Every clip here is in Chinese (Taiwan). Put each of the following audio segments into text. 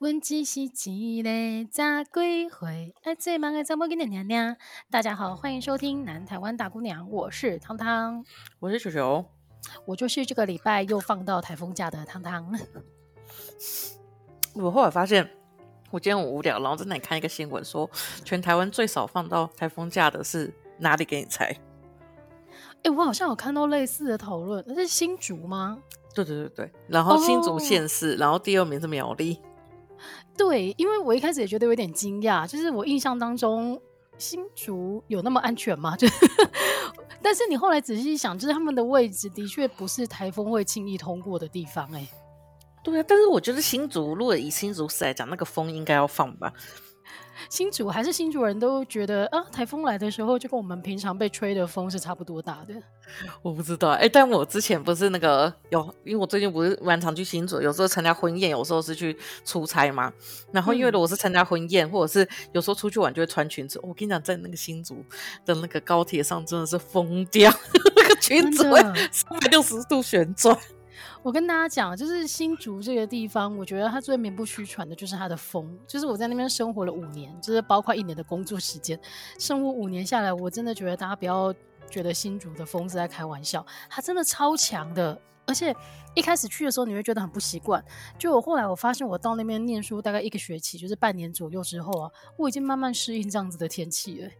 問自己：起來咋歸回？哎，最忙的怎麼跟你娘娘？大家好，歡迎收聽《南台灣大姑娘》，我是湯湯，我是球球，我就是這個禮拜又放到台風假的湯湯。我後來發現，我今天很無聊，然後在那看一個新聞，說全台灣最少放到台風假的是哪裡？給你猜？哎、欸，我好像有看到類似的討論，那是新竹嗎？對對對對，然後新竹縣市，oh. 然後第二名是苗栗。對，因為我一開始也覺得有點驚訝，就是我印象當中新竹有那麼安全嗎？就是，但是你後來仔細一想，就是他們的位置的確不是台風會輕易通過的地方，欸，哎。對啊，但是我覺得新竹，如果以新竹市來講，那個風應該要放吧？新竹還是新竹人都覺得啊，颱風來的時候就跟我們平常被吹的風是差不多大的。我不知道哎、欸，但我之前不是那個有，因為我最近不是蠻常去新竹，有時候參加婚宴，有時候是去出差嘛。然後因為我是參加婚宴、嗯，或者是有時候出去玩就會穿裙子、哦。我跟你講，在那個新竹的那個高鐵上真的是瘋掉， 那個裙子會三百六十度旋轉。 我跟大家講，就是新竹這個地方，我覺得它最名不虛傳的就是它的風。就是我在那邊生活了五年，就是包括一年的工作時間，生活五年下來，我真的覺得大家不要覺得新竹的風是在開玩笑，它真的超強的。而且一開始去的時候，你會覺得很不習慣。就我後來我發現，我到那邊念書大概一個學期，就是半年左右之後啊，我已經慢慢適應這樣子的天氣了。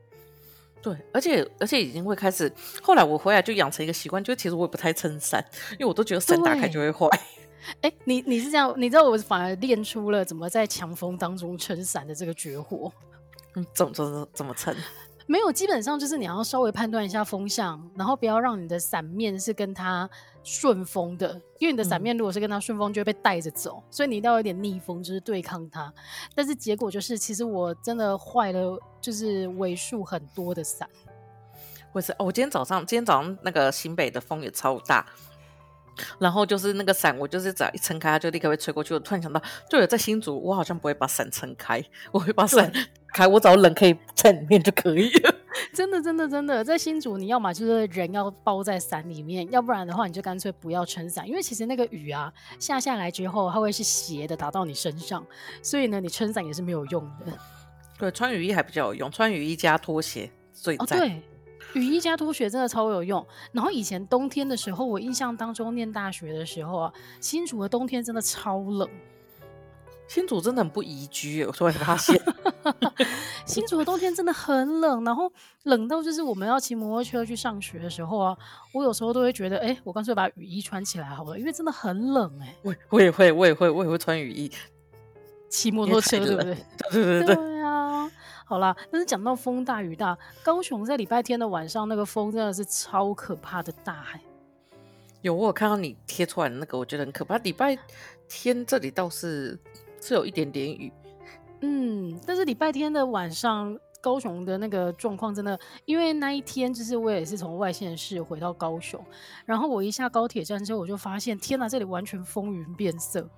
對，而且而且已經會開始。後來我回來就養成一個習慣，就其實我也不太撐傘，因為我都覺得傘打開就會壞。誒，你你是這樣？你知道我反而練出了怎麼在強風當中撐傘的這個絕活？嗯，怎麼怎麼怎麼撐？沒有，基本上就是你要稍微判斷一下風向，然後不要讓你的傘面是跟它。順風的，因為你的傘面如果是跟他順風，就會被帶着走。嗯，所以你一定要有點逆風，就是對抗它。但是結果就是，其實我真的壞了，就是尾數很多的傘。我是哦，我今天早上，今天早上那個新北的風也超大，然後就是那個傘，我就是只要一撐開，它就立刻會吹過去。我突然想到，就有在新竹，我好像不會把傘撐開，我會把傘開，我只要冷可以在裡面就可以。 真的真的真的，真的，真的在新竹，你要麼就是人要包在傘裡面，要不然的話，你就乾脆不要撐傘，因為其實那個雨啊，下下來之後，它會是斜的打到你身上，所以呢，你撐傘也是沒有用的。對，穿雨衣還比較有用，穿雨衣加拖鞋最讚，哦。對，雨衣加拖鞋真的超有用。然後以前冬天的時候，我印象當中念大學的時候啊，新竹的冬天真的超冷。新竹真的很不宜居，我突然發現。 新竹的冬天真的很冷，然後冷到就是我們要騎摩托車去上學的時候啊，我有時候都會覺得，哎、欸，我乾脆把雨衣穿起來好了。因為真的很冷哎、欸。我我也會，我也會，我也會穿雨衣。騎摩托車對不對？ 對啊。好啦，但是講到風大雨大，高雄在禮拜天的晚上那個風真的是超可怕的大海。有，我有看到你貼出來的那個，我覺得很可怕。禮拜天這裡倒是，是有一點點雨，嗯，但是禮拜天的晚上，高雄的那個狀況真的，因為那一天就是我也是從外縣市回到高雄，然後我一下高鐵站之後，我就發現，天哪，這裡完全風雲變色。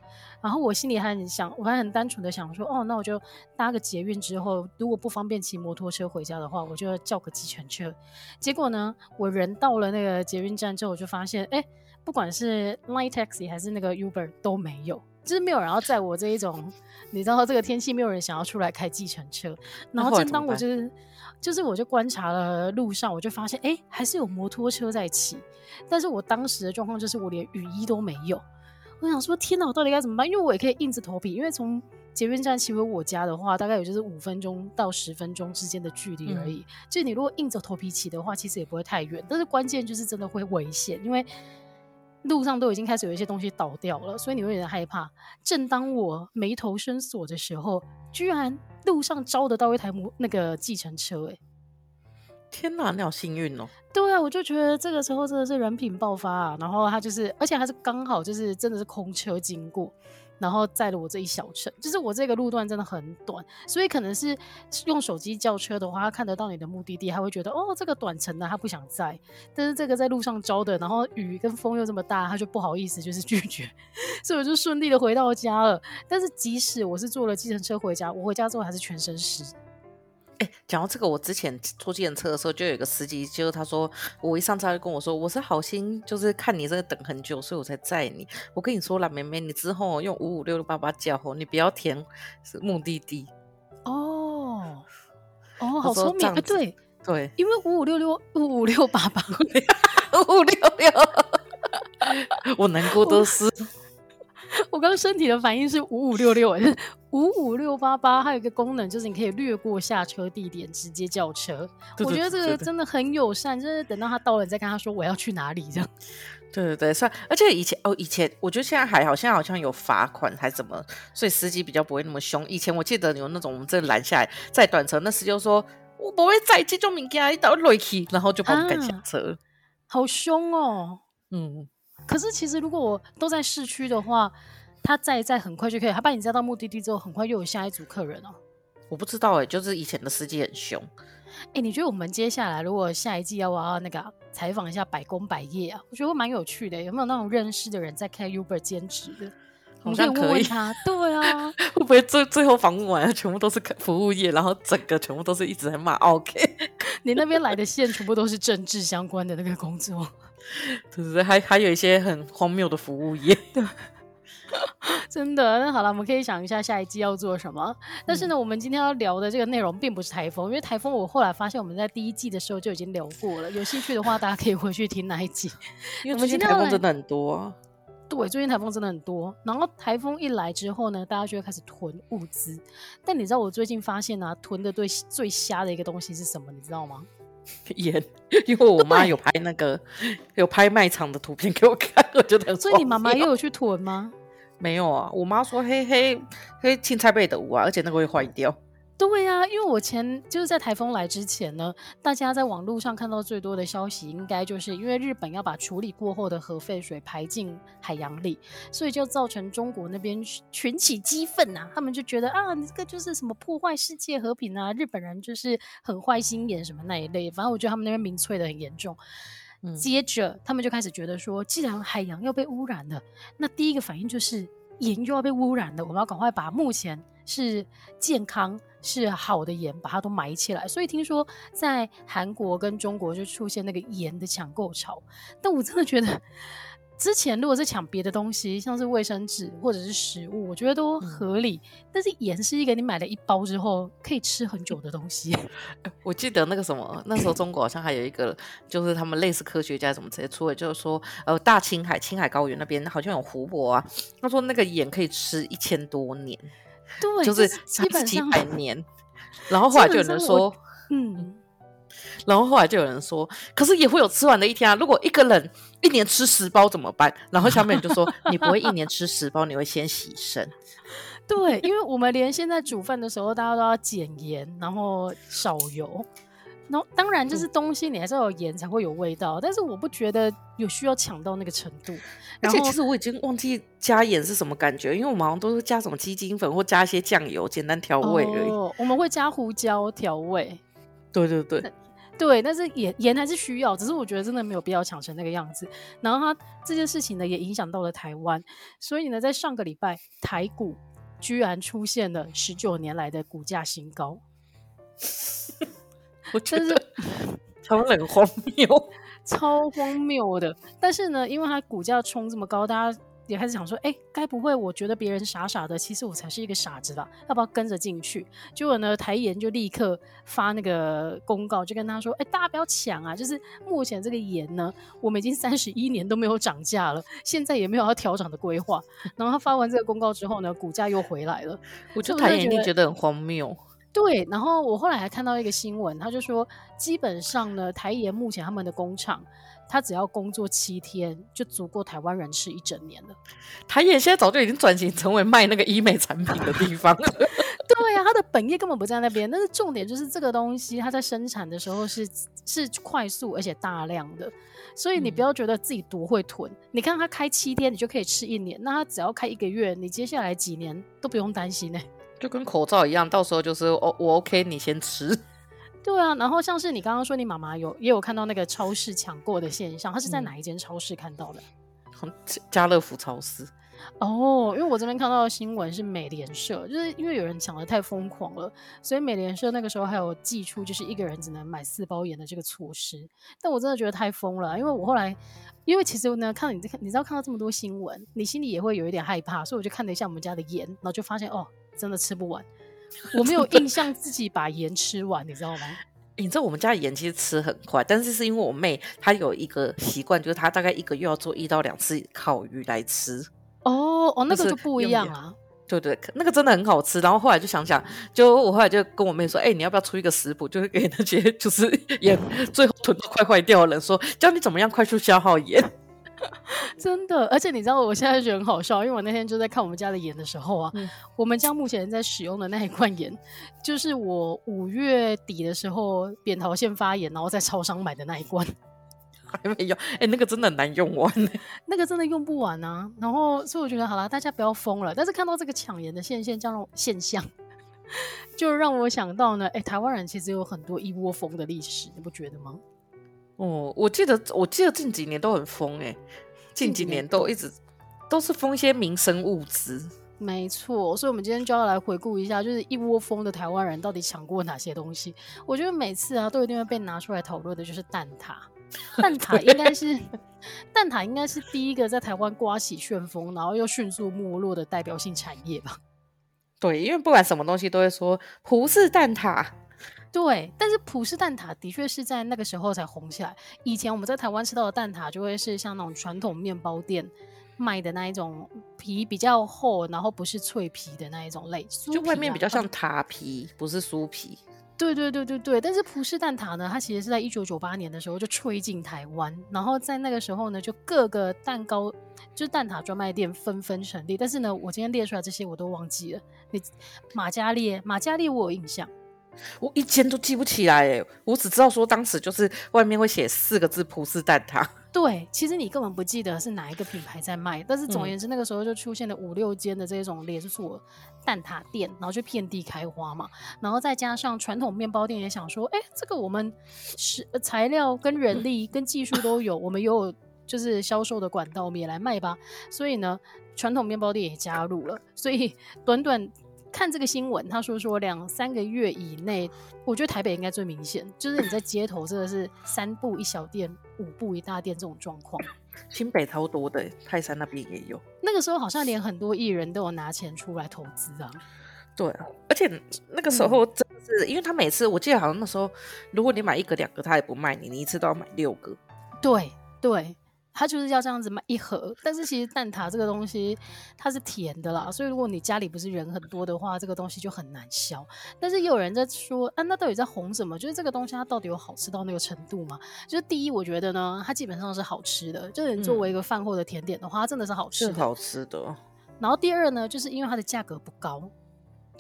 然後我心裡還很想，我還很單純的想說，哦，那我就搭個捷運之後，如果不方便騎摩托車回家的話，我就要叫個計程車。結果呢，我人到了那個捷運站之後，我就發現，哎，不管是 Line Taxi 還是那個 Uber 都沒有。其實沒有，然後在我這一種，你知道這個天氣，沒有人想要出來開計程車。然後正當我就是，就是我就觀察了路上，我就發現，哎，還是有摩托車在騎。但是我當時的狀況就是，我連雨衣都沒有。我想說，天哪，我到底該怎麼辦？因為我也可以硬着頭皮，因為從捷運站騎回我家的話，大概也就是五分鐘到十分鐘之間的距離而已。就你如果硬着頭皮騎的話，其實也不會太遠。但是關鍵就是真的會危險，因為。路上都已經開始有一些東西倒掉了，所以你會有點害怕。正當我眉頭深鎖的時候，居然路上招得到一台摩，那個計程車。欸，哎，天哪，啊，你好幸運哦！對啊，我就覺得這個時候真的是人品爆發啊。然後他就是，而且還是剛好就是真的是空車經過。然後載了我這一小程，就是我這個路段真的很短，所以可能是用手機叫車的話，他看得到你的目的地，他會覺得哦這個短程的他不想載，但是這個在路上招的，然後雨跟風又這麼大，他就不好意思就是拒絕，所以我就順利的回到家了。但是即使我是坐了計程車回家，我回家之後還是全身濕。哎、欸，講到這個，我之前坐計程車的時候，就有一個司機，就是他說，我一上車他就跟我說，我是好心，就是看你這個等很久，所以我才載你。我跟你說了妹妹，你之後用五五六六八八叫哦，你不要填是目的地哦哦，哦說好聰明，啊、欸、對對，因為五五六六五五六八八五 五六六， 我難過都是。我剛剛身體的反應是五五六六哎，五五六八八。55688, 它有一個功能，就是你可以略過下車地點，直接叫車。對對對對對對，我覺得這個真的很友善，就是等到他到了，你再跟他說我要去哪裡這樣。對對對，算。而且以前哦，以前我覺得現在還好，現在好像有罰款還怎麼，所以司機比較不會那麼凶。以前我記得有那種，我們真的攔下來，在短程那時就說，我不會再接中民家，你到瑞氣，然後就跑開叫車，啊、好凶哦。嗯，可是其實如果我都在市區的話。他載一載很快就可以，他把你載到目的地之後，很快又有下一組客人哦、喔。我不知道哎、欸，就是以前的司機很凶。哎、欸，你覺得我們接下來如果下一季要不要那個採訪一下百工百業啊？我覺得會蠻有趣的、欸。有沒有那種認識的人在開 Uber 兼職的？我們可以問問他。對啊， 會不會最最後訪問完全部都是服務業，然後整個全部都是一直在罵、oh, OK，你那邊來的線全部都是政治相關的那個工作，是 不、就是？還還有一些很荒謬的服務業。 真的，那好了，我們可以想一下下一季要做什麼。但是呢，嗯、我們今天要聊的這個內容並不是台風，因為台風我後來發現我們在第一季的時候就已經聊過了。有興趣的話，大家可以回去聽那一集。因為最近台風真的很多、啊，對，最近台風真的很多。然後台風一來之後呢，大家就會開始囤物資。但你知道我最近發現呢、啊，囤的最最瞎的一個東西是什麼？你知道嗎？鹽。因為我媽有拍那個有拍賣場的圖片給我看，我覺得很所以你媽媽又有去囤嗎？沒有啊，我媽說黑黑，嘿嘿，嘿青菜被得啊，而且那個會壞掉。對啊，因為我前就是在台風來之前呢，大家在網路上看到最多的消息，應該就是因為日本要把處理過後的核廢水排進海洋裡，所以就造成中國那邊群起激憤吶、啊。他們就覺得啊，你這個就是什麼破壞世界和平啊，日本人就是很壞心眼什麼那一類。反正我覺得他們那邊民粹的很嚴重。接着，他們就開始覺得說，既然海洋要被污染了，那第一個反應就是鹽就要被污染了。我們要趕快把目前是健康、是好的鹽，把它都埋起來。所以聽說在韓國跟中國就出現那個鹽的搶購潮。但我真的覺得。 之前如果是搶別的東西，像是衛生紙或者是食物，我覺得都合理。嗯、但是鹽是一個你買了一包之後可以吃很久的東西。 我記得那個什麼，那時候中國好像還有一個， 就是他們類似科學家什麼直接出的，就是說呃大青海，青海高原那邊好像有湖泊啊，他說那個鹽可以吃一千多年，對就是，是幾百年。然後後來就有人說，嗯。然後後來就有人說，可是也會有吃完的一天啊。如果一個人一年吃十包怎麼辦？然後下面就說：“ 你不會一年吃十包，你會先洗身。對，因為我們連現在煮飯的時候，大家都要減鹽，然後少油。然後當然就是東西你還是要有鹽才會有味道，但是我不覺得有需要搶到那個程度。然後其實我已經忘記加鹽是什麼感覺，因為我們好像都是加什麼雞精粉或加一些醬油簡單調味而已。哦，我們會加胡椒調味。對對對。對，但是鹽鹽還是需要，只是我覺得真的沒有必要搶成那個樣子。然後他這件事情呢，也影響到了台灣，所以呢，在上個禮拜，台鹽居然出現了十九年來的股價新高。 我真是 超荒謬，超荒謬的。但是呢，因為它股價衝這麼高，大家也開始想說，哎、欸，該不會？我覺得別人傻傻的，其實我才是一個傻子吧？要不要跟着進去？結果呢，台鹽就立刻發那個公告，就跟他說，哎、欸，大家不要搶啊！就是目前這個鹽呢，我們已經三十一年都沒有漲價了，現在也沒有要調漲的規劃。然後他發完這個公告之後呢，股價又回來了。我就台鹽一定覺得很荒謬。對，然後我後來還看到一個新聞，他就說，基本上呢，台鹽目前他們的工廠，他只要工作七天，就足夠台灣人吃一整年了。台鹽現在早就已經轉型成為賣那個醫美產品的地方。了、 啊。對呀，他的本業根本不在那邊。但是重點就是這個東西，他在生產的時候是是快速而且大量的，所以你不要覺得自己多會囤，嗯。你看他開七天，你就可以吃一年。那他只要開一個月，你接下來幾年都不用擔心呢、欸。就跟口罩一樣，到時候就是我，我 OK，你先吃。對啊，然後像是你剛剛說你媽媽，你媽媽有也有看到那個超市搶購的現象，她是在哪一間超市看到的？家家樂福超市。哦、oh,，因為我這邊看到的新聞是美聯社，就是因為有人搶得太瘋狂了，所以美聯社那個時候還有祭出就是一個人只能買四包鹽的這個措施。但我真的覺得太瘋了，因為我後來因為其實呢，看到你看，你知道看到這麼多新聞，你心裡也會有一點害怕，所以我就看了一下我們家的鹽，然後就發現哦。真的吃不完，我沒有印象自己把鹽吃完，你知道嗎？你知道我們家鹽其實吃很快，但是是因為我妹她有一個習慣，就是她大概一個月要做一到兩次烤魚來吃。哦、oh, 哦，那個就不一樣啊，對對，那個真的很好吃。然後後來就想想，就我後來就跟我妹說：“哎、欸，你要不要出一個食譜，就是給那些就是鹽最後囤都快壞掉的人說，說教你怎麼樣快速消耗鹽。”真的，而且你知道我現在覺得很好笑，因為我那天就在看我們家的鹽的時候啊、嗯，我們家目前在使用的那一罐鹽，就是我五月底的時候扁桃腺發炎，然後在超商買的那一罐，還沒有。哎、欸，那個真的很難用完，欸，呢，那個真的用不完啊。然後所以我覺得好啦，大家不要瘋了。但是看到這個搶鹽的現現現象，現像現象，就讓我想到呢，哎、欸，台灣人其實有很多一窩蜂的歷史，你不覺得嗎？哦，我記得，我記得近幾年都很瘋，欸，哎。近幾年都一直都是封一些民生物資，沒錯，所以我們今天就要來回顧一下，就是一窩蜂的台灣人到底搶過哪些東西。我覺得每次啊，都一定會被拿出來討論的就是蛋撻，蛋撻應該是 蛋撻應該是第一個在台灣颳起旋風，然後又迅速沒落的代表性產業吧？對，因為不管什麼東西都會說葡式蛋塔。對，但是葡式蛋撻的確是在那個時候才紅起來。以前我們在台灣吃到的蛋撻，就會是像那種傳統麵包店賣的那一種，皮比較厚，然後不是脆皮的那一種類，酥就外面比較像塔皮，不是酥皮。對對對對對，但是葡式蛋撻呢，它其實是在一九九八年的時候就吹進台灣，然後在那個時候呢，就各個蛋糕就是蛋撻專賣店紛紛成立。但是呢，我今天列出來這些我都忘記了。你馬嘉烈，馬嘉烈我有印象。我一間都記不起來、欸，誒，我只知道說當時就是外面會寫四個字“葡式蛋撻”。對，其實你根本不記得是哪一個品牌在賣，但是總而言之，嗯、那個時候就出現了五六間的這種連鎖蛋撻店，然後就遍地開花嘛。然後再加上傳統麵包店也想說，誒、欸，這個我們是、呃、材料跟人力跟技術都有，嗯、我們也有就是銷售的管道，我們也來賣吧。 所以呢，傳統麵包店也加入了，所以短短。看這個新聞，他說說兩三個月以內，我覺得台北應該最明顯，就是你在街頭真的是三步一小店，五步一大店這種狀況。新北超多的欸，泰山那邊也有。那個時候好像連很多藝人都有拿錢出來投資啊。對啊，而且那個時候真的是，因為他每次我記得好像那時候，如果你買一個兩個他也不賣你，你一次都要買六個。對對。它就是要這樣子賣一盒，但是其實蛋撻這個東西它是甜的啦，所以如果你家裡不是人很多的話，這個東西就很難消。但是也有人在說，啊，那到底在紅什麼？就是這個東西它到底有好吃到那個程度嗎？就是第一，我覺得呢，它基本上是好吃的，就是作為一個飯後的甜點的話，嗯，它真的是好吃的，是好吃的。然後第二呢，就是因為它的價格不高。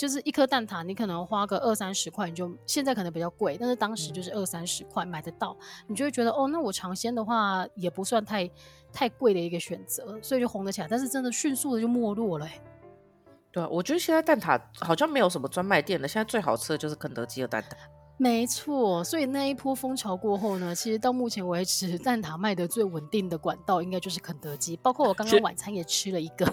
就是一顆蛋撻，你可能花個二三十塊，你就現在可能比較貴，但是當時就是二三十塊買得到，嗯，你就會覺得哦，那我嘗鮮的話也不算太太貴的一個選擇，所以就紅得起來。但是真的迅速的就沒落了，欸。對、啊、我覺得現在蛋撻好像沒有什麼專賣店了。現在最好吃的就是肯德基的蛋撻。沒錯，所以那一波風潮過後呢，其實到目前為止，蛋撻賣得最穩定的管道應該就是肯德基。包括我剛剛晚餐也吃了一個，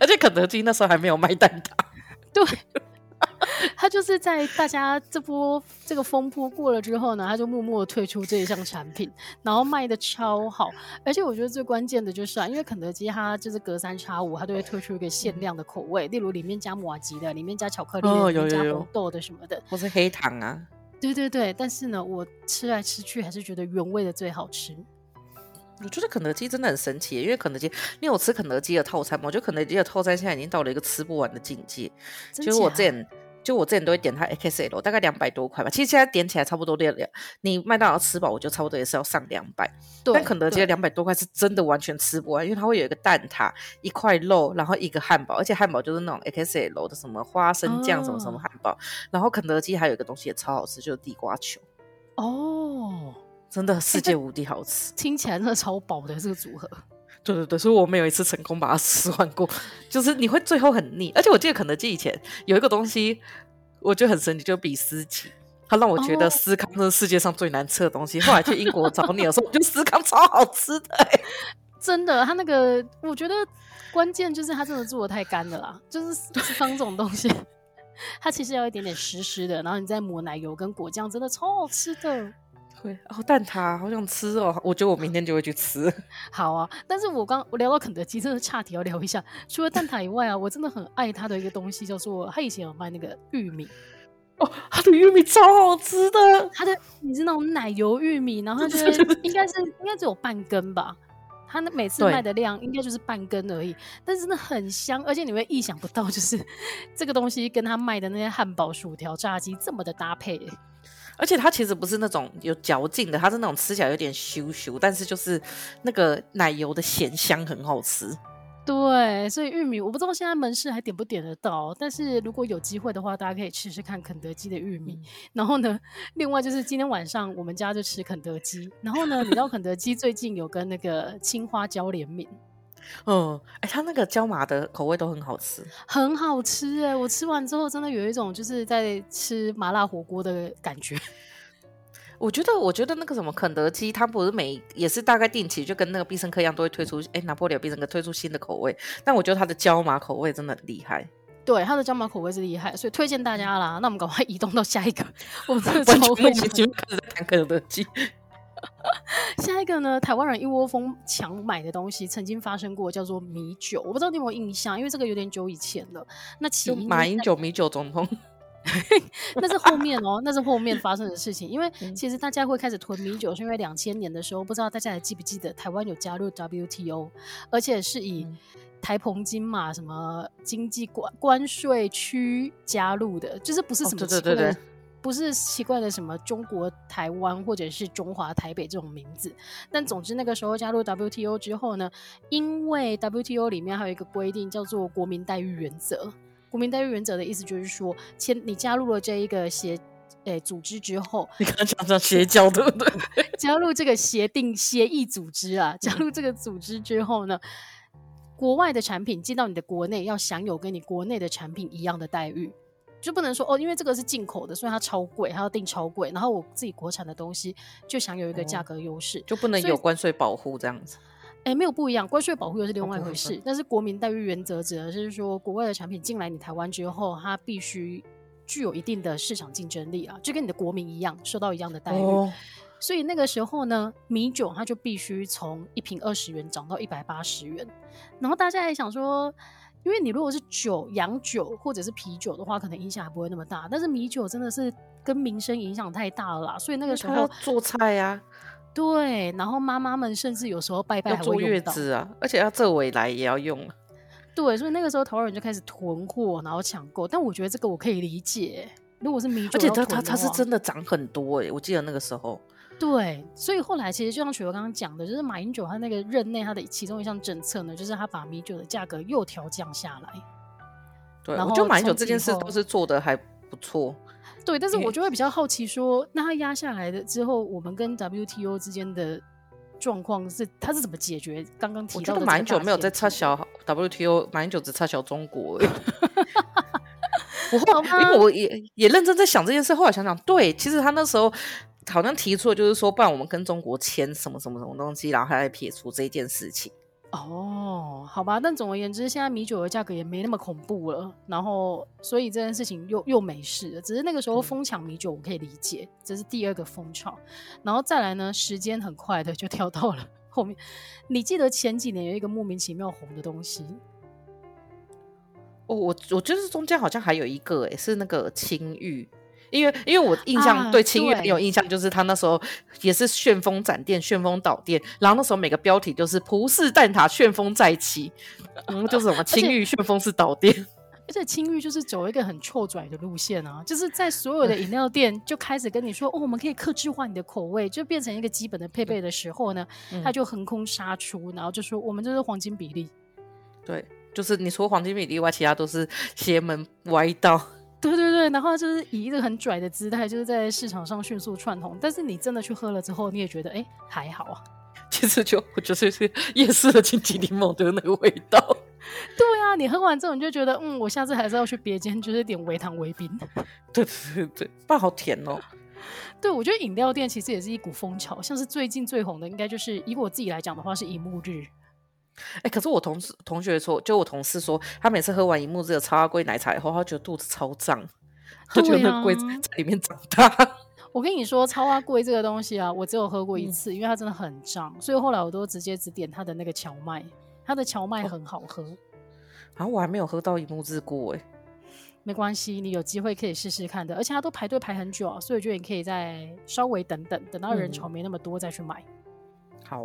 而且肯德基那時候還沒有賣蛋撻。對， 他就是在大家這波這個風波過了之後呢，他就默默推出這一項產品，然後賣的超好。而且我覺得最關鍵的就是啊，因為肯德基它就是隔三差五它都會推出一個限量的口味，嗯、例如裡面加麻糬的，裡面加巧克力，哦，有，有，有裡面加紅豆的什麼的，或是黑糖啊。對對對，但是呢，我吃來吃去還是覺得原味的最好吃。我覺得肯德基真的很神奇，因為肯德基，因為我吃肯德基的套餐嘛，我覺得肯德基的套餐現在已經到了一個吃不完的境界。就是我之前，就我之前都會點它 XL，大概兩百多塊吧。其實現在點起來差不多要兩，你麥當勞吃飽，我就差不多也是要上兩百。但肯德基的兩百多塊是真的完全吃不完，因為它會有一個蛋撻，一塊肉，然後一個漢堡，而且漢堡就是那種 XL 的什麼花生醬什麼什麼漢堡。哦。然後肯德基還有一個東西也超好吃，就是地瓜球。哦。真的世界無敵好吃、欸，聽起來真的超飽的這個組合。對對對，所以我沒有一次成功把它吃完過， 就是你會最後很膩。而且我記得肯德基以前有一個東西，我就很神奇，就比司吉。他讓我覺得司康是世界上最難吃的東西、哦。後來去英國找你的時候， 我覺得司康超好吃的、欸，真的。他那個我覺得關鍵就是他真的做得太乾了啦，就是司康這種東西，它 其實要一點點濕濕的，然後你再抹奶油跟果醬，真的超好吃的。對，哦，蛋撻好想吃哦！我覺得我明天就會去吃。好啊，但是我剛我聊到肯德基，真的岔題要聊一下。除了蛋撻以外啊，我真的很愛它的一個東西，叫 做它以前有賣那個玉米。哦，它的玉米超好吃的。它的，你是那種奶油玉米，然後它就是 應該是應該只有半根吧。它那每次賣的量應該就是半根而已，但是真的很香，而且你會意想不到，就是這個東西跟它賣的那些漢堡、薯條、炸雞這麼的搭配、欸。而且它其實不是那種有嚼勁的，它是那種吃起來有點羞羞，但是就是那個奶油的鹹香很好吃。對，所以玉米我不知道現在門市還點不點得到，但是如果有機會的話，大家可以試試看肯德基的玉米。然後呢，另外就是今天晚上我們家就吃肯德基。 然後呢，你知道肯德基最近有跟那個青花椒聯名。嗯，哎、欸，他那個椒麻的口味都很好吃，很好吃哎、欸！我吃完之後真的有一種就是在吃麻辣火鍋的感覺。 我覺得，我覺得那個什麼肯德基，他不是每也是大概定期就跟那個必勝客一樣，都會推出哎拿坡里必勝客推出新的口味。但我覺得他的椒麻口味真的很厲害，對，他的椒麻口味是厲害，所以推薦大家啦。那我們趕快移動到下一個，我們真的怎麼會已經開始談肯德基？ 下一個呢？台灣人一窩蜂搶買的東西，曾經發生過叫做米酒，我不知道你有沒有印象，因為這個有點久以前了。那其實馬英九米酒總統， 那是後面哦，那是後面發生的事情。因為其實大家會開始囤米酒， 是因為兩千年的時候，不知道大家還記不記得台灣有加入 WTO，而且是以台澎金馬什麼經濟關關稅區加入的，就是不是什麼、哦、對對對對不是奇怪的什麼中國台灣或者是中華台北這種名字，但總之那個時候加入 WTO 之後呢，因為 WTO 裡面還有一個規定叫做國民待遇原則。國民待遇原則的意思就是說，簽你加入了這一個協誒、欸、組織之後，你剛講講協教對不對？ 加入這個協定協議組織啊，加入這個組織之後呢，國外的產品進到你的國內要享有跟你國內的產品一樣的待遇。就不能說哦，因為這個是進口的，所以它超貴，它要定超貴。然後我自己國產的東西就想有一個價格優勢、哦，就不能有關稅保護這樣子。哎、欸，沒有不一樣，關稅保護又是另外一回事。好好，但是國民待遇原則指的是說，國外的產品進來你台灣之後，它必須具有一定的市場競爭力啊，就跟你的國民一樣受到一樣的待遇、哦。所以那個時候呢，米酒它就必須從一瓶二十元漲到一百八十元，然後大家還想說。因為你如果是酒、洋酒或者是啤酒的話，可能影響還不會那麼大，但是米酒真的是跟民生影響太大了啦，所以那個時候要做菜呀、啊，對，然後媽媽們甚至有時候拜拜還會用到，要坐月子啊，而且要坐尾來也要用啊，對，所以那個時候台灣人就開始囤貨，然後搶購，但我覺得這個我可以理解、欸，如果是米酒，而且它它它是真的漲很多、欸、我記得那個時候。對，所以後來其實就像雪兒剛剛講的，就是馬英九他那個任內，他的其中一項政策呢，就是他把米酒的價格又調降下來。對，然後，我覺得馬英九這件事都是做的還不錯對對。對，但是我就會比較好奇說，那他壓下來的之後，我們跟 WTO 之間的狀況是他是怎麼解決？剛剛提到的我馬英九沒有在插小 WTO，馬英九只插小中國、欸。 我後好因為我也也認真在想這件事，後來想想，對，其實他那時候。好像提出的就是說，不然我們跟中國簽什麼什麼什麼東西，然後還來撇除這件事情。哦，好吧。但總而言之，現在米酒的價格也沒那麼恐怖了。然後，所以這件事情又又沒事了。只是那個時候瘋搶米酒，我可以理解，嗯、這是第二個風潮，然後再來呢，時間很快的就跳到了後面。你記得前幾年有一個莫名其妙紅的東西？哦，我我就是中間好像還有一個、欸，哎，是那個青玉。因為，因為我印象對清玉很有印象，啊，就是他那時候也是旋風展店，旋風倒店，然後那時候每個標題就是葡式蛋塔旋風再起，然後就是什麼清玉旋風式倒店。而且清玉就是走一個很臭拽的路線啊，就是在所有的飲料店就開始跟你說，嗯、哦，我們可以客製化你的口味，就變成一個基本的配備的時候呢，嗯、他就橫空殺出，然後就說我們這是黃金比例。對，就是你除了黃金比例外，其他都是邪門歪道。嗯對對對，然後就是以一個很拽的姿態，就是在市場上迅速竄紅。但是你真的去喝了之後，你也覺得哎，還好啊。其實就我覺得是夜市的金桔檸檬的那個味道。 對啊，你喝完之後你就覺得，嗯，我下次還是要去別間，就是點微糖微冰。 對對對，那好甜哦。 對，我覺得飲料店其實也是一股風潮，像是最近最紅的，應該就是以我自己來講的話，是一沐日。哎、欸，可是我同事同學說，就我同事說，他每次喝完一沐日的超阿貴奶茶以後，他就覺得肚子超脹，就、啊、覺得那子在裡面長大。我跟你說，超阿貴這個東西啊，我只有喝過一次，嗯、因為它真的很脹，所以後來我都直接只點他的那個蕎麥，他的蕎麥很好喝。好、哦啊、我還沒有喝到一沐日過誒、欸，沒關係，你有機會可以試試看的，而且他都排隊排很久啊，所以我覺得你可以再稍微等等，等到人潮沒那麼多再去買、嗯。好，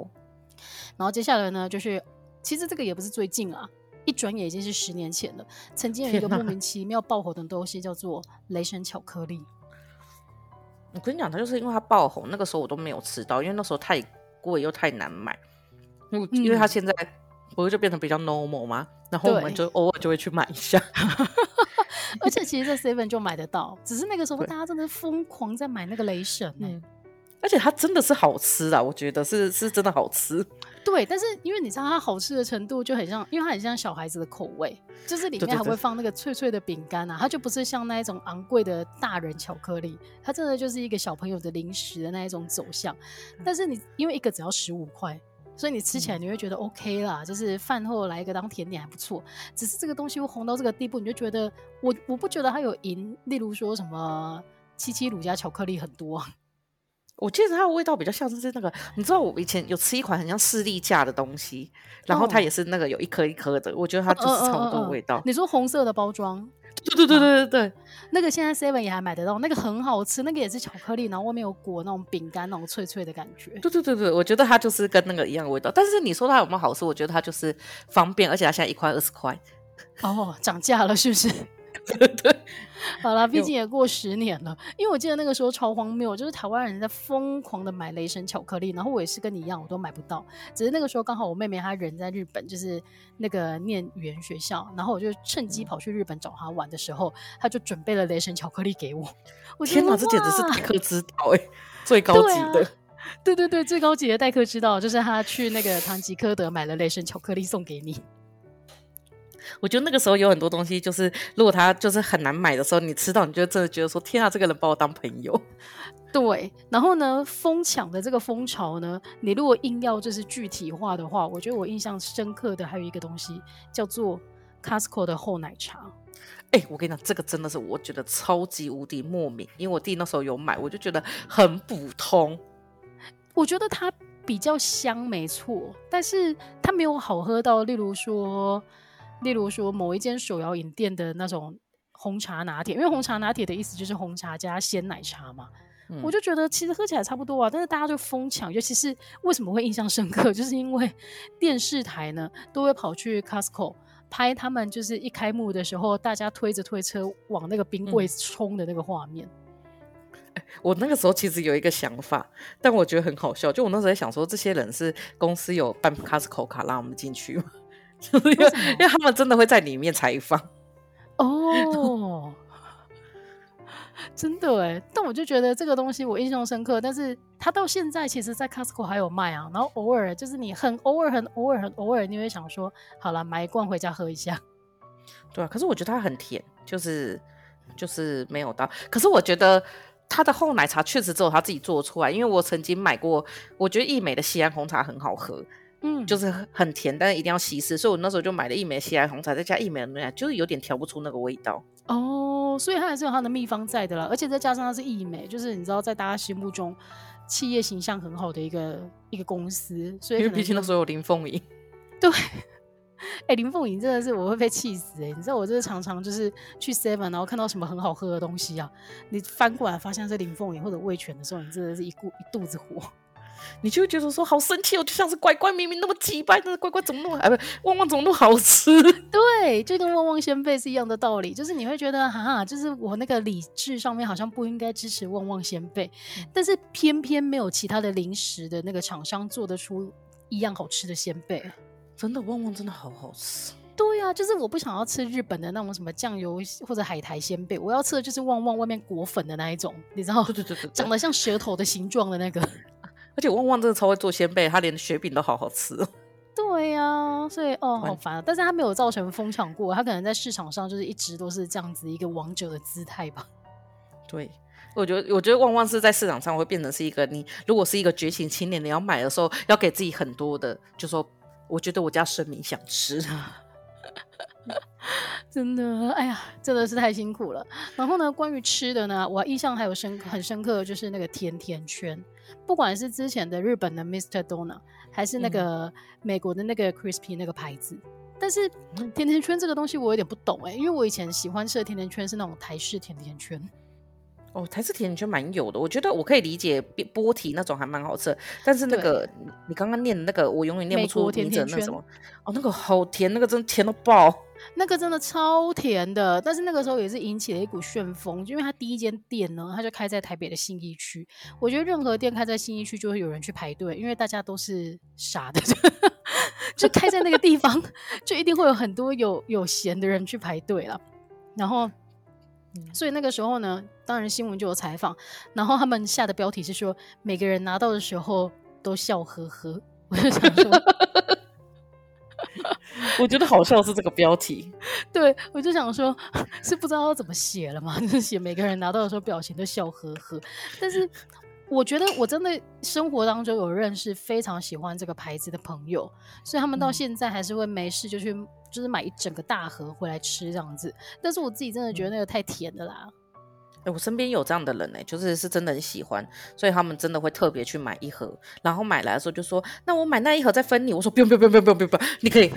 然後接下來呢，就是。其實這個也不是最近啊，一轉眼已經是十年前了。曾經有一個莫名其妙爆火的東西叫做雷神巧克力。我跟你講，它就是因為它爆紅，那個時候我都沒有吃到，因為那時候太貴又太難買。因為它現在不是就變成比較 normal 嗎、嗯？然後我們就偶爾就會去買一下。 而且其實，在 seven 就買得到，只是那個時候大家真的瘋狂在買那個雷神、啊。而且它真的是好吃啊！我覺得是是真的好吃。對，但是因為你知道它好吃的程度就很像，因為它很像小孩子的口味，就是裡面還會放那個脆脆的餅乾啊，對對對，它就不是像那一種昂貴的大人巧克力，它真的就是一個小朋友的零食的那一種走向。嗯、但是你因為一個只要十五塊，所以你吃起來你會覺得 OK 啦，嗯、就是飯後來一個當甜點還不錯。只是這個東西會紅到這個地步，你就覺得我我不覺得它有贏。例如說什麼七七乳加巧克力很多。我記得它的味道比較像是是那個，你知道我以前有吃一款很像士力架的東西，oh. 然後它也是那個有一顆一顆的，我覺得它就是差不多味道。Oh, uh, uh, uh, uh. 你說紅色的包裝？對對對對對對,對，那個現在 Seven 也還買得到，那個很好吃，那個也是巧克力，然後外面有裹那種餅乾那種脆脆的感覺。對對對對，我覺得它就是跟那個一樣的味道。但是你說它有什麼好處？我覺得它就是方便，而且它現在一塊二十塊。哦、oh,，漲價了是不是？ 對好啦，好了，畢竟也過十年了。因為我記得那個時候超荒謬，就是台灣人在瘋狂的買雷神巧克力，然後我也是跟你一樣，我都買不到。只是那個時候剛好我妹妹她人在日本，就是那個念語言學校，然後我就趁機跑去日本找她玩的時候、嗯，她就準備了雷神巧克力給我。我天哪、啊，這簡直是待客之道哎，最高級的對。啊。對對對，最高級的待客之道，就是她去那個唐吉訶德買了雷神巧克力送給你。我覺得那個時候有很多東西，就是如果他就是很難買的時候，你吃到，你就真的覺得說：“天啊，這個人把我當朋友。”對。然後呢，瘋搶的這個風潮呢，你如果硬要就是具體化的話，我覺得我印象深刻的還有一個東西叫做 Costco 的厚奶茶。哎、欸，我跟你講，這個真的是我覺得超級無敵莫名，因為我弟那時候有買，我就覺得很普通。我覺得它比較香，沒錯，但是它沒有好喝到，例如說。例如說，某一間手搖飲店的那種紅茶拿鐵，因為紅茶拿鐵的意思就是紅茶加鮮奶茶嘛，嗯、我就覺得其實喝起來差不多啊，但是大家就瘋搶，尤其是為什麼會印象深刻，就是因為電視台呢都會跑去 Costco 拍他們就是一開幕的時候，大家推着推車往那個冰櫃衝的那個畫面。嗯、我那個時候其實有一個想法，但我覺得很好笑，就我那時候在想說，這些人是公司有辦 Costco 卡拉我們進去嗎？就是，因為因為他們真的會在裡面採訪哦，真的哎，但我就覺得這個東西我印象深刻。但是它到現在其實，在 Costco 還有賣啊。然後偶爾就是你很偶爾，很偶爾，很偶爾，你會想說，好了，買一罐回家喝一下。對啊，可是我覺得它很甜，就是就是沒有到。可是我覺得它的厚奶茶確實只有他自己做出來，因為我曾經買過，我覺得義美的西安紅茶很好喝。嗯，就是很甜，但是一定要稀釋，所以我那時候就買了一枚錫蘭紅茶，再加一枚紅茶，就是有點調不出那個味道哦。所以它還是有它的秘方在的啦，而且再加上它是義美，就是你知道在大家心目中企業形象很好的一個一個公司，所以畢竟那時候有林鳳營。對，哎、欸，林鳳營真的是我會被氣死哎、欸，你知道我這是常常就是去 Seven，然後看到什麼很好喝的東西啊，你翻過來發現是林鳳營或者味全的時候，你真的是一股一肚子火。你就會覺得說好神奇哦，就像是乖乖明明那麼奇怪，但、那、是、個、乖乖怎麼那麼……哎，不旺旺怎麼那麼好吃？對，就跟旺旺仙貝是一樣的道理，就是你會覺得哈，就是我那個理智上面好像不應該支持旺旺仙貝，但是偏偏沒有其他的零食的那個廠商做得出一樣好吃的仙貝。真的，旺旺真的好好吃。對呀、啊，就是我不想要吃日本的那種什麼醬油或者海苔仙貝，我要吃的就是旺旺外面裹粉的那一種，你知道？對對對，對，對，長得像舌頭的形狀的那個。而且旺旺真的超會做仙貝，他連雪餅都好好吃。對呀、啊，所以哦，好煩啊！但是他沒有造成瘋搶過，他可能在市場上就是一直都是這樣子一個王者的姿態吧。對，我覺得，我覺得旺旺是在市場上會變成是一個，你如果是一個覺醒青年，你要買的時候要給自己很多的，就說我覺得我家神明想吃。嗯真的，哎呀，真的是太辛苦了。然後呢，關於吃的呢，我印象還有深，很深刻的就是那個甜甜圈，不管是之前的日本的 Mister Donut，還是那個美國的那個 Krispy 那個牌子。嗯、但是甜甜圈這個東西我有點不懂誒、欸，因為我以前喜歡吃的甜甜圈是那種台式甜甜圈。哦，台式甜甜圈蠻有的，我覺得我可以理解波提那種還蠻好吃，但是那個你剛剛念的那個，我永遠念不出名字那什麼甜甜圈。哦，那個好甜，那個真的甜到爆。那個真的超甜的，但是那個時候也是引起了一股旋風，因為它第一間店呢，它就開在台北的信義區。我覺得任何店開在信義區就會有人去排隊，因為大家都是傻的， 就開在那個地方， 就一定會有很多有有閒的人去排隊了，然後。嗯、所以那個時候呢，當然新聞就有採訪，然後他們下的標題是說，每個人拿到的時候都笑呵呵， 我就想說， 我覺得好像是這個標題， 對，我就想說是不知道怎麼寫了嘛，就是寫每個人拿到的時候表情都笑呵呵，但是。 我覺得我真的生活當中有認識非常喜歡這個牌子的朋友，所以他們到現在還是會沒事就去就是買一整個大盒回來吃這樣子。但是我自己真的覺得那個太甜了啦。欸，我身邊有這樣的人呢欸，就是是真的很喜歡，所以他們真的會特別去買一盒，然後買來的時候就說：“那我買那一盒再分你。”我說：“不用不用不用不用不用不用，你可以。”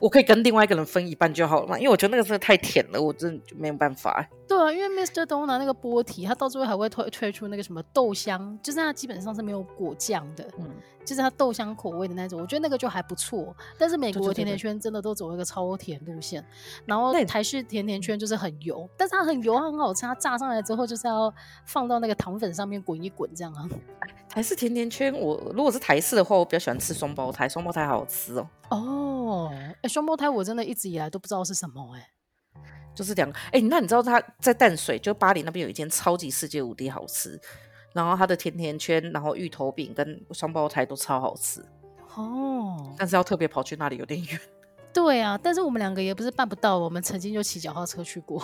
我可以跟另外一個人分一半就好了嘛，因為我覺得那個真的太甜了，我真的就沒有辦法。對啊，因為 Mr. Donut 那個波提，它到最後還會推推出那個什麼豆香，就是它基本上是沒有果醬的，嗯，就是它豆香口味的那種，我覺得那個就還不錯。但是美國甜甜圈真的都走了一個超甜路線，對對對對，然後台式甜甜圈就是很油，但是它很油很好吃，它炸上來之後就是要放到那個糖粉上面滾一滾這樣啊。 台式甜甜圈，我如果是台式的話，我比較喜歡吃雙胞胎，雙胞胎好吃哦、喔。哦、oh, 欸，哎，雙胞胎我真的一直以來都不知道是什麼、欸，哎，就是兩個。哎、欸，那你知道它在淡水，就巴黎那邊有一間超級世界無敵好吃，然後它的甜甜圈，然後芋頭餅跟雙胞，胞胎都超好吃。哦、oh.。但是要特別跑去那裡有點遠。對啊，但是我們兩個也不是辦不到，我們曾經就騎腳踏車去過。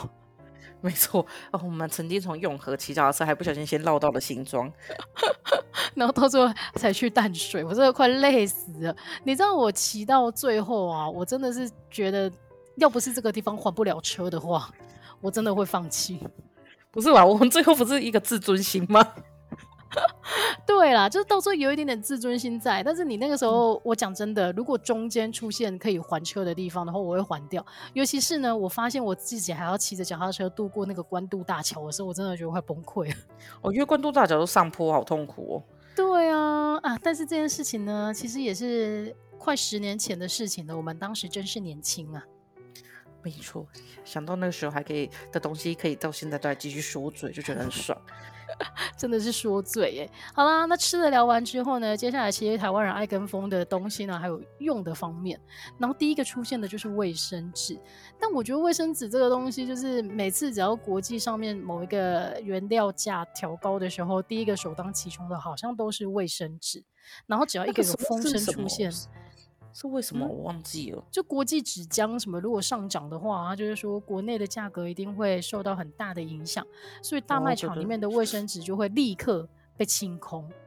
沒錯，哦、啊，我們曾經從永和騎腳踏車，還不小心先落到了新莊， 然後到最後才去淡水，我真的快累死了。你知道我騎到最後啊，我真的是覺得，要不是這個地方還不了車的話，我真的會放棄。不是吧？我們最後不是一個自尊心嗎？對啦，就是到時候有一點點自尊心在，但是你那個時候，嗯、我講真的，如果中間出現可以還車的地方的話，我會還掉。尤其是呢，我發現我自己還要騎着腳踏車度過那個官渡大橋的時候，我真的覺得快崩潰了。哦，因為關渡大橋都上坡，好痛苦哦。對啊，啊，但是這件事情呢，其實也是快十年前的事情了。我們當時真是年輕啊。沒錯，想到那個時候還可以的東西，可以到現在都還繼續說嘴，就覺得很爽。 真的是說嘴耶，好啦，那吃的聊完之後呢，接下來其實台灣人愛跟風的東西呢，還有用的方面，然後第一個出現的就是衛生紙，但我覺得衛生紙這個東西，就是每次只要國際上面某一個原料價調高的時候，第一個首當其衝的好像都是衛生紙，然後只要一個有風聲出現。那個是為什麼我忘記了？嗯、就國際紙漿什麼如果上漲的話，它就是說國內的價格一定會受到很大的影響，所以大賣場裡面的衛生紙就會立刻被清空、哦真的就是。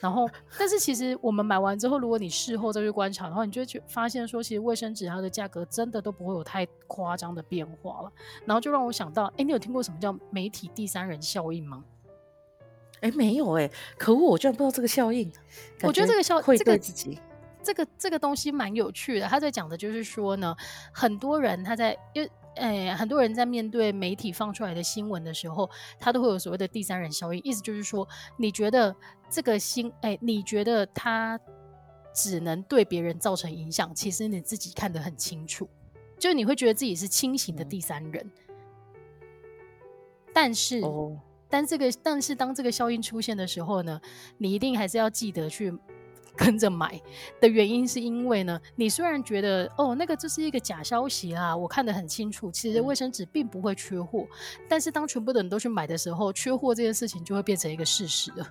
然後，但是其實我們買完之後，如果你事後再去觀察的話，你就會發現說，其實衛生紙它的價格真的都不會有太誇張的變化了。然後就讓我想到，哎，你有聽過什麼叫媒體第三人效應嗎？哎，沒有哎，欸，可惡！我居然不知道這個效應。覺我覺得這個效應，會對自己，這個、這個、這個東西蠻有趣的。他在講的就是說呢，很多人他在，因為哎，很多人在面對媒體放出來的新聞的時候，他都會有所謂的第三人效應。意思就是說，你覺得這個新，哎，你覺得他只能對別人造成影響，其實你自己看得很清楚，就是你會覺得自己是清醒的第三人。嗯、但是、oh. 但這個，但是當這個效應出現的時候呢，你一定還是要記得去跟着買的原因，是因為呢，你雖然覺得哦，那個這是一個假消息啊，我看得很清楚，其實衛生紙並不會缺貨，嗯，但是當全部的人都去買的時候，缺貨這件事情就會變成一個事實了。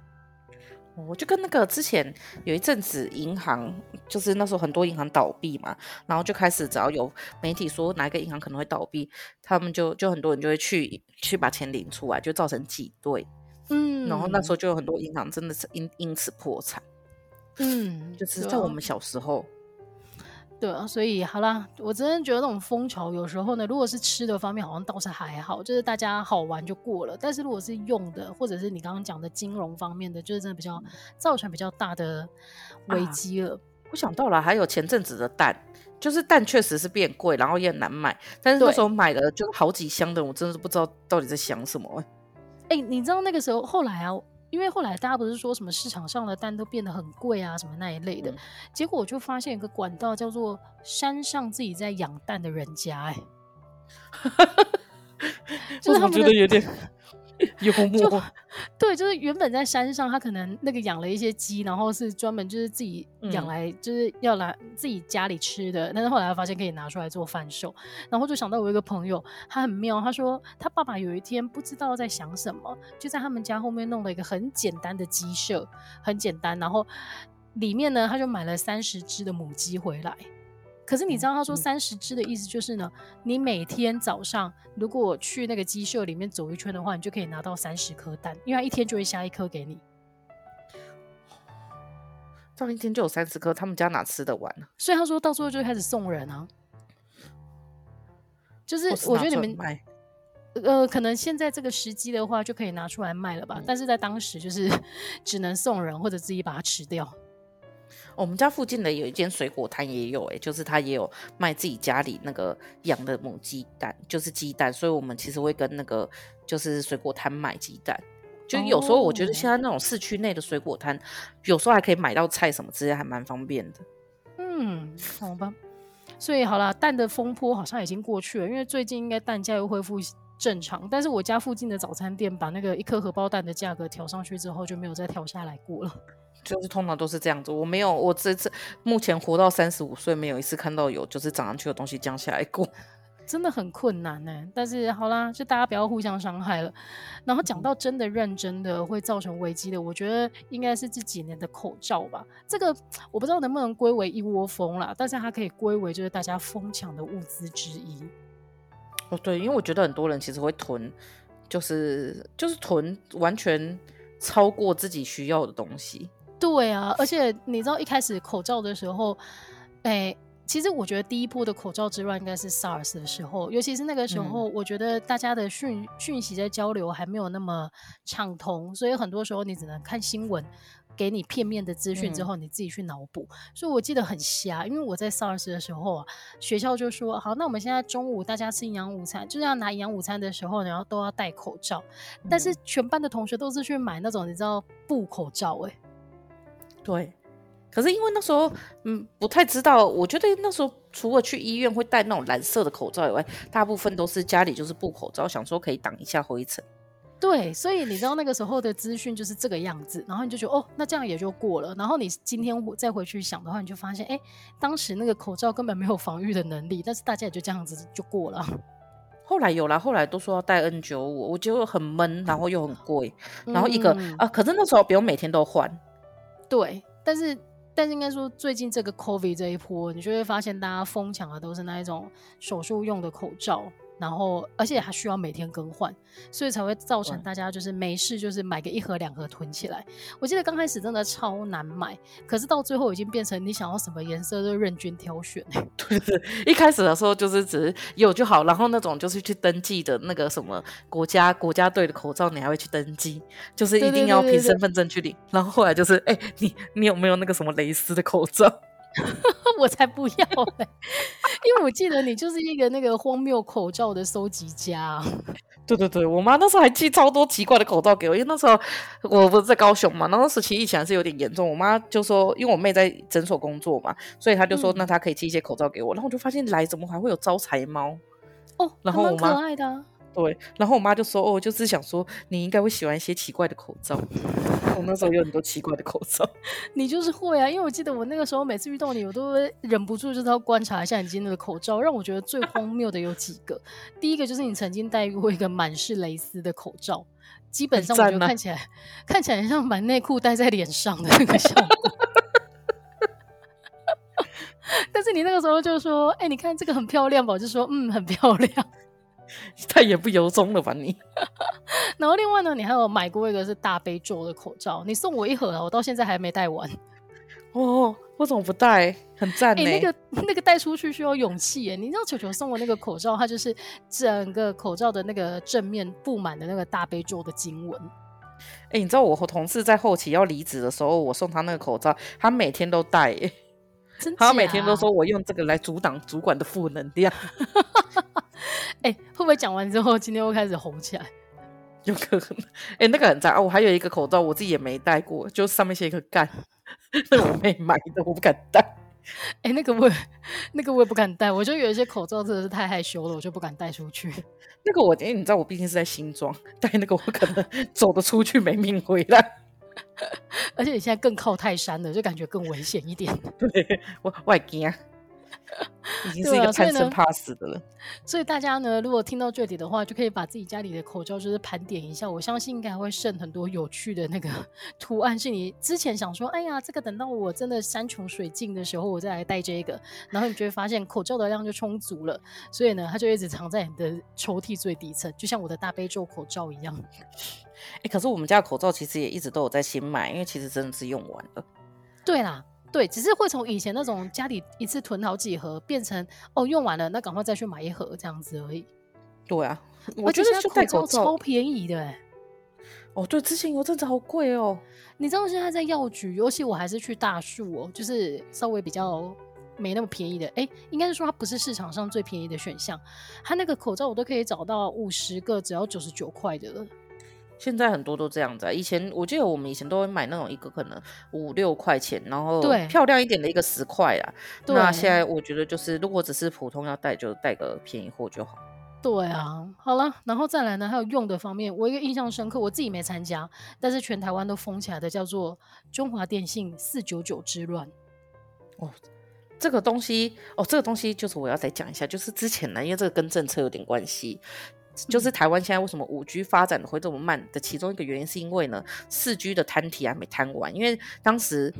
我就跟那個之前有一陣子銀行，就是那時候很多銀行倒閉嘛，然後就開始只要有媒體說哪一個銀行可能會倒閉，他們就就很多人就會去去把錢領出來，就造成擠兌。嗯，然後那時候就有很多銀行真的是因因此破產。嗯，就是在我們小時候。對，所以好啦，我真的覺得那種風潮有時候呢，如果是吃的方面，好像倒是還好，就是大家好玩就過了。但是如果是用的，或者是你剛剛講的金融方面的，就是真的比較造成比較大的危機了。我、啊、想到了，還有前陣子的蛋，就是蛋確實是變貴，然後也很難買。但是那時候買的就好幾箱的，我真的不知道到底在想什麼。哎、欸，你知道那個時候後來啊？因為後來大家不是說什麼市場上的蛋都變得很貴啊，什麼那一類的，結果我就發現一個管道叫做山上自己在養蛋的人家、欸，哎， 他們 我覺得有點。 幽 默，對，就是原本在山上，他可能那個養了一些雞，然後是專門就是自己養來、嗯、就是要來自己家裡吃的，但是後來發現可以拿出來做販售，然後就想到我一個朋友，他很妙，他說他爸爸有一天不知道在想什麼，就在他們家後面弄了一個很簡單的雞舍，很簡單，然後裡面呢他就買了三十隻的母雞回來。可是你知道他說三十隻的意思就是呢、嗯嗯，你每天早上如果去那個雞舍裡面走一圈的話，你就可以拿到三十顆蛋，因為他一天就會下一顆給你。這樣一天就有三十顆，他們家哪吃得完呢、啊？所以他說到時候就會開始送人啊、嗯，就是我覺得你們，呃，可能現在這個時機的話，就可以拿出來賣了吧？嗯、但是在當時就是只能送人或者自己把它吃掉。我們家附近的有一間水果攤也有、欸，哎，就是他也有賣自己家裡那個養的母雞蛋，就是雞蛋，所以我們其實會跟那個就是水果攤買雞蛋。就有時候我覺得現在那種市區內的水果攤，oh, okay. 有時候還可以買到菜什麼，之類，還蠻方便的。嗯，好吧。所以好了，蛋的風波好像已經過去了，因為最近應該蛋價又恢復正常。但是我家附近的早餐店把那個一顆荷包蛋的價格調上去之後，就沒有再調下來過了。就是通常都是這樣子，我沒有，我這次目前活到三十五歲，沒有一次看到有就是漲上去的東西降下來過，真的很困難呢、欸。但是好啦，就大家不要互相傷害了。然後講到真的認真的、嗯、會造成危機的，我覺得應該是這幾年的口罩吧。這個我不知道能不能歸為一窩蜂啦，但是它可以歸為就是大家瘋搶的物資之一。哦，對，因為我覺得很多人其實會囤，就是就是囤完全超過自己需要的東西。對啊，而且你知道一開始口罩的時候，哎、欸，其實我覺得第一波的口罩之亂應該是 SARS 的時候，尤其是那個時候，我覺得大家的訊訊、嗯、息的交流還沒有那麼暢通，所以很多時候你只能看新聞，給你片面的資訊之後，你自己去腦補、嗯，所以我記得很瞎。因為我在 SARS 的時候啊，學校就說好，那我們現在中午大家吃營養午餐，就是要拿營養午餐的時候，然後都要戴口罩、嗯，但是全班的同學都是去買那種你知道布口罩、欸，誒對，可是因為那時候，嗯，不太知道。我覺得那時候除了去醫院會戴那種藍色的口罩以外，大部分都是家裡就是布口罩，嗯、想說可以擋一下灰塵。對，所以你知道那個時候的資訊就是這個樣子，然後你就覺哦，那這樣也就過了。然後你今天再回去想的話，你就發現，哎、欸，當時那個口罩根本沒有防禦的能力，但是大家也就這樣子就過了。後來有啦，後來都說要戴 N 九五，我就很悶，然後又很貴，然後一個、嗯、啊，可是那時候不用每天都換。對，但是但是應該說，最近這個 COVID 這一波，你就會發現，大家瘋搶的都是那一種手術用的口罩。然後，而且還需要每天更換，所以才會造成大家就是沒事就是買個一盒兩盒囤起來。我記得剛開始真的超難買，可是到最後已經變成你想要什麼顏色都任君挑選。對，對，對，對，對，對， 一開始的時候就是只是有就好，然後那種就是去登記的那個什麼國家國家隊的口罩，你還會去登記，就是一定要憑身份證去領。對對對對對。然後後來就是哎，你你有沒有那個什麼蕾絲的口罩？ 我才不要嘞、欸！ 因為我記得你就是一個那個荒謬口罩的收集家、啊。 對對對，我媽那時候還寄超多奇怪的口罩給我，因為那時候我不是在高雄嘛，然後時期疫情還是有點嚴重。我媽就說，因為我妹在診所工作嘛，所以她就說，嗯、那她可以寄一些口罩給我。然後我就發現來怎麼還會有招財貓哦，然後我可愛的、啊。對，然後我媽就說：“哦，就是想說你應該會喜歡一些奇怪的口罩。哦”我那時候有很多奇怪的口罩。你就是會啊，因為我記得我那個時候每次遇到你，我都忍不住就是要觀察一下你今天的口罩。讓我覺得最荒謬的有幾個， 第一個就是你曾經戴過一個滿是蕾絲的口罩，基本上我就看起來、啊、看起來像把內褲戴在臉上的那個效果。 但是你那個時候就說：“哎、欸，你看這個很漂亮吧？”我就說：“嗯，很漂亮。”太言不由衷了吧你。 然後另外呢，你還有買過一個是大悲咒的口罩，你送我一盒了、啊，我到現在還沒戴完。哦，我怎麼不戴？很讚哎、欸欸。那個那個戴出去需要勇氣哎、欸。你知道球球送我那個口罩， 它就是整個口罩的那個正面布滿的那個大悲咒的經文。哎、欸，你知道我和同事在後期要離職的時候，我送他那個口罩，他每天都戴、欸。真的。他每天都說我用這個來阻擋主管的負能量。 哎、欸，會不會講完之後今天又開始紅起來？有可能。哎、欸，那個很髒啊！我還有一個口罩，我自己也沒戴過，就上面寫一個“幹 ”，那我妹買的，我不敢戴。哎、欸，那個我，那個我也不敢戴。我就有一些口罩真的是太害羞了，我就不敢戴出去。那個我，因為你知道我畢竟是在新莊，戴那個，我可能走得出去沒命回來。 而且你現在更靠泰山了，就感覺更危險一點。 我我怕。 已經是一個貪生怕死的了 所，以所以大家呢，如果聽到這裡的話，就可以把自己家裡的口罩就是盤點一下。我相信應該還會剩很多有趣的那個圖案，是你之前想說，哎呀，這個等到我真的山窮水盡的時候，我再來戴這個。然後你就會發現口罩的量就充足了。所以呢，它就一直藏在你的抽屜最底層，就像我的大悲咒口罩一樣。哎、 欸，可是我們家的口罩其實也一直都有在新買，因為其實真的是用完了。 對啦。對，只是會從以前那種家裡一次囤好幾盒，變成哦，用完了那，趕快再去買一盒這樣子而已。對啊，我覺得口罩超便宜的欸。哦，對，之前有陣子好貴哦。你知道現在在藥局，尤其我還是去大樹哦，就是稍微比較沒那麼便宜的。欸，應該是說它不是市場上最便宜的選項。它那個口罩我都可以找到五十個只要九十九塊的了。現在很多都這樣子啊，以前我記得我們以前都會買那種一個可能五六塊錢，然後漂亮一點的一個十塊啊。對。那現在我覺得就是如果只是普通要戴就戴個便宜貨就好。對啊，好了，然後再來呢，還有用的方面，我一個印象深刻，我自己沒參加，但是全台灣都封起來的叫做中華電信四九九之亂。哦，這個東西哦，這個東西就是我要再講一下，就是之前呢，因為這個跟政策有點關係。就是台灣現在為什麼五 G 發展的會這麼慢的其中一個原因，是因為呢，四 G 的攤提還沒攤完，因為當時。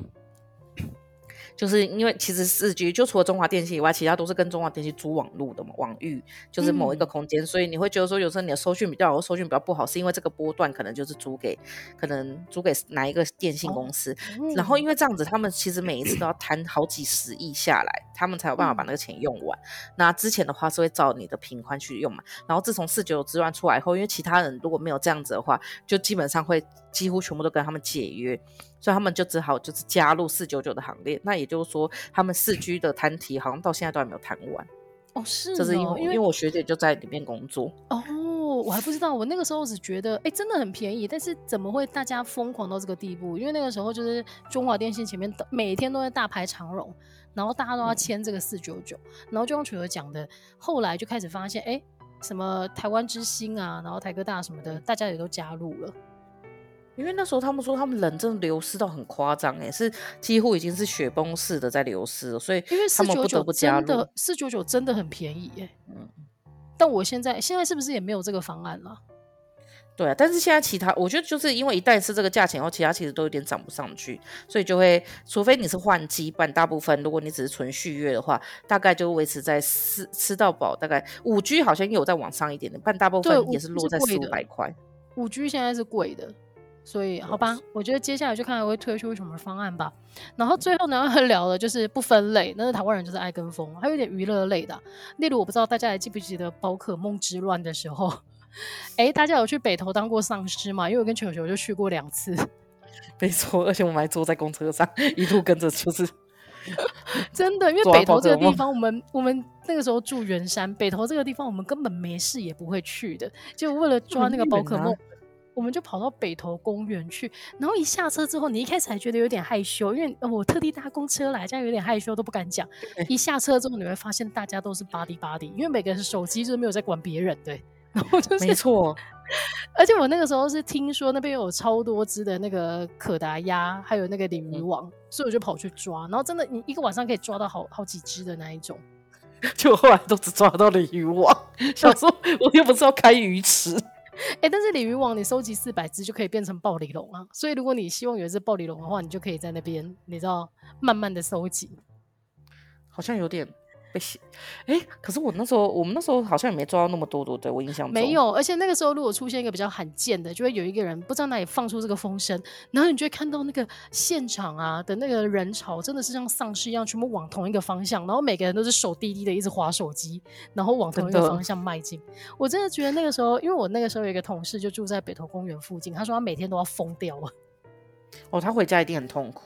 就是因為其實四 G 就除了中華電信以外，其他都是跟中華電信租網絡的嘛，網域就是某一個空間，嗯，所以你會覺得說有時候你的收訊比較好，收訊比較不好，是因為這個波段可能就是租給可能租給哪一個電信公司，哦嗯，然後因為這樣子，他們其實每一次都要攤好幾十億下來，他們才有辦法把那個錢用完，嗯。那之前的話是會照你的頻寬去用嘛，然後自從499之亂出來以後，因為其他人如果沒有這樣子的話，就基本上會幾乎全部都跟他們解約。所以他們就只好就是加入四九九的行列，那也就是說，他們四 G 的攤提好像到現在都還沒有談完。哦，是哦，這是因為因為，因為我學姐就在裡面工作。哦，我還不知道，我那個時候只覺得，哎、欸，真的很便宜，但是怎麼會大家瘋狂到這個地步？因為那個時候就是中華電信前面每天都在大排長龍，然後大家都要簽這個四九九，然後就像球球講的，後來就開始發現，哎、欸，什麼台灣之星啊，然後台哥大什麼的、嗯，大家也都加入了。因為那時候他們說他們人真的流失到很誇張哎、欸，是幾乎已經是雪崩式的在流失了，所以他們不得不加入。因為499真的，四九九真的很便宜耶、欸。嗯，但我現在現在是不是也沒有這個方案了？對啊，但是現在其他我覺得就是因為一旦是這個價錢，然後其他其實都有點漲不上去，所以就會除非你是換機，但大部分如果你只是純續約的話，大概就維持在四、吃到飽，大概五 G 好像也有在往上一點的，但大部分也是落在四五百塊。五 G 現在是貴的。所以，Yes. 好吧，我覺得接下來就看看會推出什麼方案吧。然後最後，呢，要聊的就是不分類，那是台灣人就是愛跟風，還有點娛樂類的、啊，例如我不知道大家還記不記得寶可夢之亂的時候，哎、欸，大家有去北投當過喪屍嗎？因為我跟球球就去過兩次，沒錯，而且我們還坐在公車上 一路跟着，就是真的，因為北投這個地方，我們我們那個時候住圓山，北投這個地方我們根本沒事也不會去的，就為了抓那個寶可夢。我們就跑到北投公園去，然後一下車之後，你一開始還覺得有點害羞，因為、哦、我特地搭公車來，這樣有點害羞都不敢講。Okay. 一下車之後，你會發現大家都是巴唧巴唧，因為每個人手機就沒有在管別人，對然後，就是。沒錯。而且我那個時候是聽說那邊有超多只的那個可達鴨，還有那個鯉魚王，嗯，所以我就跑去抓，然後真的你一個晚上可以抓到好好幾隻的那一種，就後來都只抓到了鯉魚王。 想說我又不是要開魚池。哎、欸，但是鯉魚王，你收集四百隻就可以變成暴鯉龍啊，所以如果你希望有一隻暴鯉龍的話，你就可以在那邊，你知道，慢慢的收集，好像有點。哎、欸，可是我那時候，我們那時候好像也沒抓到那麼多多，對，我印象沒有。而且那個時候，如果出現一個比較罕見的，就會有一個人不知道哪裡放出這個風聲，然後你就會看到那個現場啊的那個人潮，真的是像喪屍一樣，全部往同一個方向，然後每個人都是手低低的一直滑手機，然後往同一個方向邁進。我真的覺得那個時候，因為我那個時候有一個同事就住在北投公園附近，他說他每天都要瘋掉啊。哦，他回家一定很痛苦。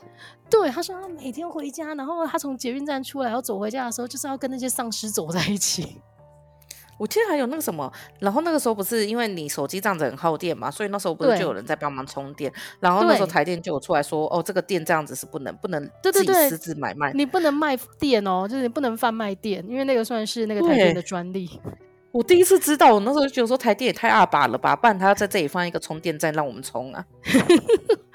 對，他說他每天回家，然後他從捷運站出來，然後走回家的時候，就是要跟那些喪屍走在一起。我記得還有那個什麼，然後那個時候不是因為你手機這樣子很耗電嘛，所以那時候不是就有人在幫忙充電？然後那時候台電就有出來說，哦，這個電這樣子是不能不能，對對對，私自買賣，對對對，你不能賣電哦，就是你不能販賣電，因為那個算是那個台電的專利。我第一次知道，我那時候就覺得說台電也太鴨霸了吧，不然他要在這裡放一個充電站讓我們充啊。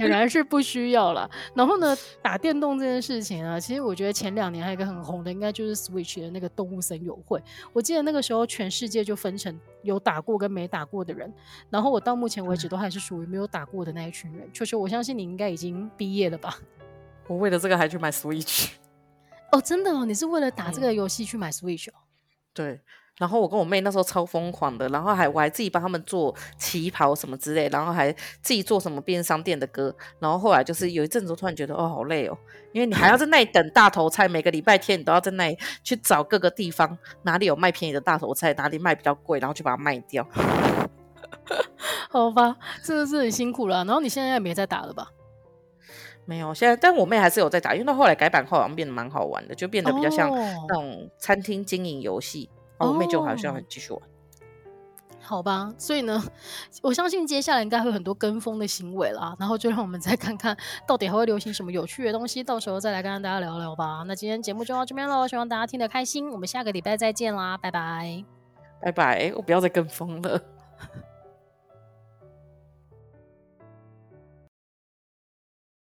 顯 然是不需要了。然後呢，打電動這件事情啊，其實我覺得前兩年還有一個很紅的，應該就是 Switch 的那個動物森友會。我記得那個時候，全世界就分成有打過跟沒打過的人。然後我到目前為止都還是屬於沒有打過的那一群人。球、嗯、球，就是、我相信你應該已經畢業了吧？我為了這個還去買 Switch。哦，真的哦，你是為了打這個遊戲去買 Switch 哦？嗯、對。然後我跟我妹那時候超瘋狂的，然後還我還自己幫他們做旗袍什麼之類，然後還自己做什麼便利商店的歌。然後後來就是有一陣子突然覺得哦好累哦，因為你還要在那裡等大頭菜、嗯，每個禮拜天你都要在那裡去找各個地方哪裡有賣便宜的大頭菜，哪裡賣比較貴，然後就把它賣掉。好吧，真的是很辛苦了、啊。然後你現在也沒再打了吧？沒有，現在但我妹還是有在打，因為到後來改版後好像變得蠻好玩的，就變得比較像那種餐廳經營遊戲。我、哦哦、妹就還是要繼續玩，好吧，所以呢，我相信接下來應該會有很多跟風的行為啦。然後就讓我們再看看到底還會流行什麼有趣的東西，到時候再來跟大家聊聊吧。那今天節目就到這邊嘍，希望大家聽得開心。我們下個禮拜再見啦，拜拜拜拜，我不要再跟風了。